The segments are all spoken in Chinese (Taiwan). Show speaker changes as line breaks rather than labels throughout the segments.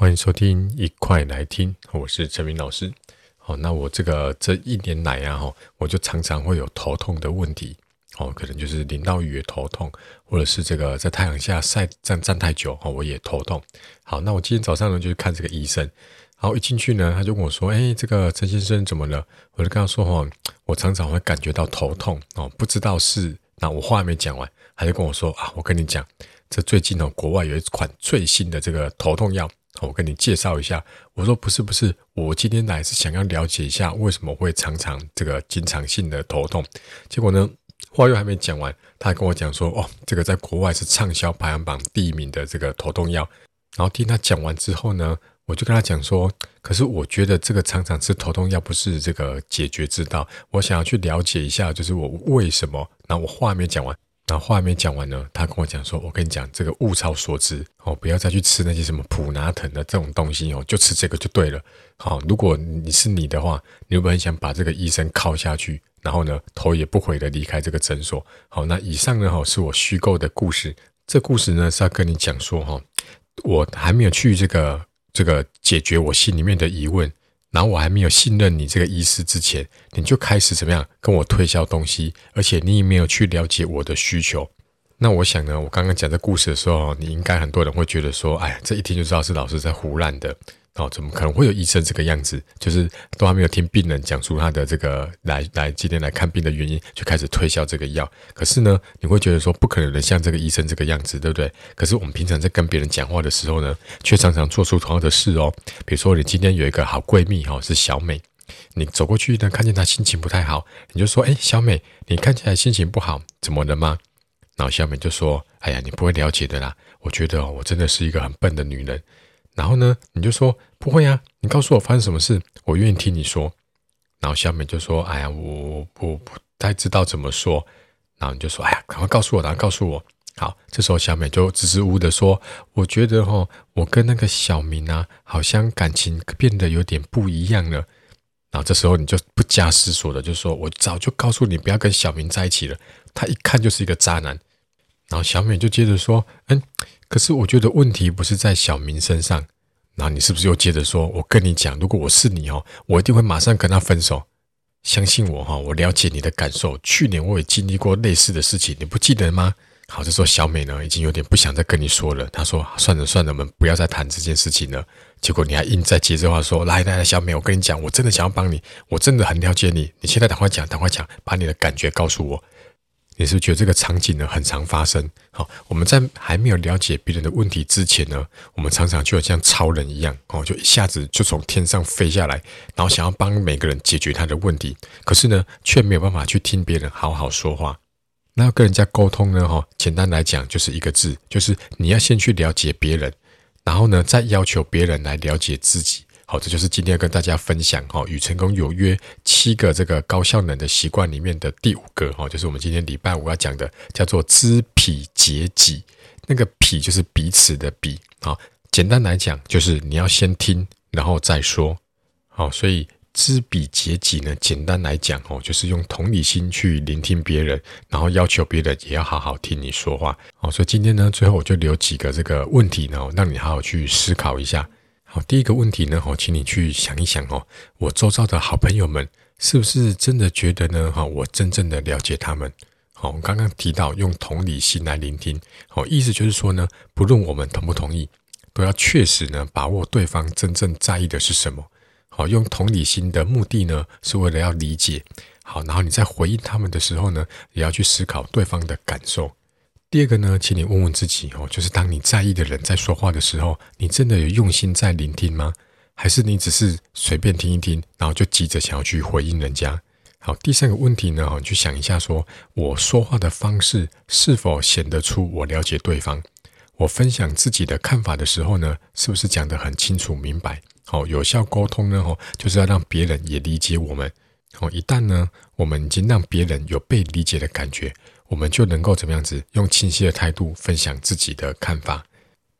歡迎收聽，一塊來聽，我是陳明老師。好、哦，那我這個這一年來啊，我就常常會有頭痛的問題。好、哦，可能就是淋到雨也頭痛，或者是這個在太陽下曬站站太久、哦，我也頭痛。好，那我今天早上呢，就去看這個醫生。然後一進去呢，他就跟我說：“哎、欸，這個陳先生怎麼了？”我就跟他說：“哦，我常常會感覺到頭痛哦，不知道是……”那我話還沒講完，他就跟我說：“啊，我跟你講，這最近哦，國外有一款最新的這個頭痛藥。”我跟你介紹一下，我說不是不是，我今天來是想要了解一下為什麼會常常這個經常性的頭痛。結果呢，話又還沒講完，他還跟我講說，哦，這個在國外是暢銷排行榜第一名的這個頭痛藥。然後聽他講完之後呢，我就跟他講說，可是我覺得這個常常吃頭痛藥不是這個解決之道，我想要去了解一下，就是我為什麼？那我話還沒講完。那話還沒講完呢，他跟我講說：“我跟你講，這個物超所值哦，不要再去吃那些什麼普拿疼的這種東西哦，就吃這個就對了。哦”好，如果你是你的話，你有沒有很想把這個醫生靠下去，然後呢，頭也不回的離開這個診所？好、哦，那以上呢，哈、哦，是我虛構的故事。這故事呢，是要跟你講說，哈、哦，我還沒有去這個這個解決我心裡面的疑問。然後我還沒有信任你這個醫師之前，你就開始怎麼樣跟我推銷東西，而且你也沒有去了解我的需求。那我想呢，我剛剛講這故事的時候，你應該很多人會覺得說，哎呀，這一聽就知道是老師在胡亂的。哦，怎麼可能會有醫生這個樣子？就是都還沒有聽病人講出他的這個來來，今天來看病的原因，就開始推銷這個藥。可是呢，你會覺得說不可能像這個醫生這個樣子，對不對？可是我們平常在跟別人講話的時候呢，卻常常做出同樣的事哦。比如說，你今天有一個好閨蜜哦，是小美，你走過去呢，看見她心情不太好，你就說：“哎，小美，你看起來心情不好，怎麼了嗎？”然後小美就說：“哎呀，你不會了解的啦，我覺得我真的是一個很笨的女人。”然後呢，你就說不會啊，你告訴我發生什麼事，我願意聽你說。然後小美就說：“哎呀，我我不,不太知道怎麼說。”然後你就說：“哎呀，趕快告訴我，趕快告訴我。”好，這時候小美就支支吾吾的說：“我覺得哦，我跟那個小明啊，好像感情變得有點不一樣了。”然後這時候你就不假思索的就說：“我早就告訴你不要跟小明在一起了，他一看就是一個渣男。”然後小美就接着說：“嗯，可是我覺得問題不是在小明身上。”然後你是不是又接着說我跟你講，如果我是你哦，我一定會馬上跟他分手。相信我哈，我了解你的感受。去年我也經歷過類似的事情，你不記得嗎？”好，就說小美呢，已經有點不想再跟你說了。她說：“算了算了，我們不要再談這件事情了。”結果你還硬在接着話說：“來來來，小美，我跟你講，我真的想要幫你，我真的很了解你。你現在趕快講，趕快講，把你的感覺告訴我。”你是不是覺得這個場景呢，很常發生，好，我們在還沒有了解別人的問題之前呢，我們常常就像超人一樣，哦，就一下子就從天上飛下來，然後想要幫每個人解決他的問題，可是呢，卻沒有辦法去聽別人好好說話，那要跟人家溝通呢，哈，簡單來講就是一個字，就是你要先去了解別人，然後呢，再要求別人來了解自己。好，這就是今天要跟大家分享哈、哦，與成功有約七個這個高效能的習慣裡面的第五個哈、哦，就是我們今天禮拜五要講的，叫做知彼解己。那個彼就是彼此的彼啊，簡單來講就是你要先聽，然後再說。好，所以知彼解己呢，簡單來講哦，就是用同理心去聆聽別人，然後要求別人也要好好聽你說話。好，所以今天呢，最後我就留幾個這個問題呢，讓你好好去思考一下。好，第一個問題呢，哈，請你去想一想哦，我周遭的好朋友們是不是真的覺得呢，哈，我真正的了解他們？好，我剛剛提到用同理心來聆聽，好，意思就是說呢，不論我們同不同意，都要確實呢把握對方真正在意的是什麼。好，用同理心的目的呢，是為了要理解。好，然後你在回應他們的時候呢，也要去思考對方的感受。第二個呢，請你問問自己哦，就是當你在意的人在說話的時候，你真的有用心在聆聽嗎？還是你只是隨便聽一聽，然後就急着想要去回應人家？好，第三個問題呢，哦，就想一下說，說我說話的方式是否顯得出我了解對方？我分享自己的看法的時候呢，是不是講得很清楚明白？好，有效溝通呢，哦，就是要讓別人也理解我們。好，一旦呢，我們已經讓別人有被理解的感覺。我們就能夠怎麼樣子，用清晰的態度分享自己的看法，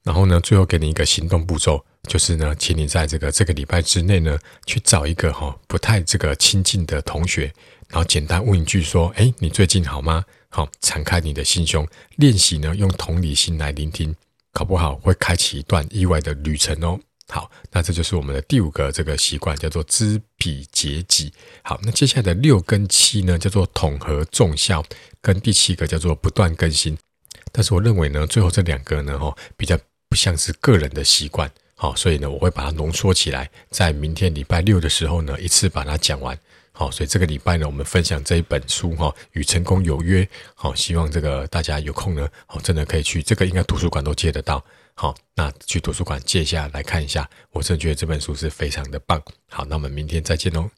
然後呢，最後給你一個行動步驟，就是呢，請你在這個這個禮拜之內呢，去找一個哈、哦、不太這個親近的同學，然後簡單問一句說，誒，你最近好嗎？好、哦，敞開你的心胸，練習呢，用同理心來聆聽，搞不好會開啟一段意外的旅程哦。好，那這就是我們的第五個這個習慣，叫做知彼解己。好，那接下來的六跟七呢，叫做統合綜效，跟第七個叫做不斷更新。但是我認為呢，最後這兩個呢，吼、哦、比較不像是個人的習慣。好、哦，所以呢，我會把它濃縮起來，在明天禮拜六的時候呢，一次把它講完。好，所以這個禮拜呢，我們分享這一本書哈，哦《與成功有約》哦。好，希望這個大家有空呢，好、哦，真的可以去，這個應該圖書館都借得到。好、哦，那去圖書館借一下來看一下。我真的覺得這本書是非常的棒。好，那我們明天再見咯。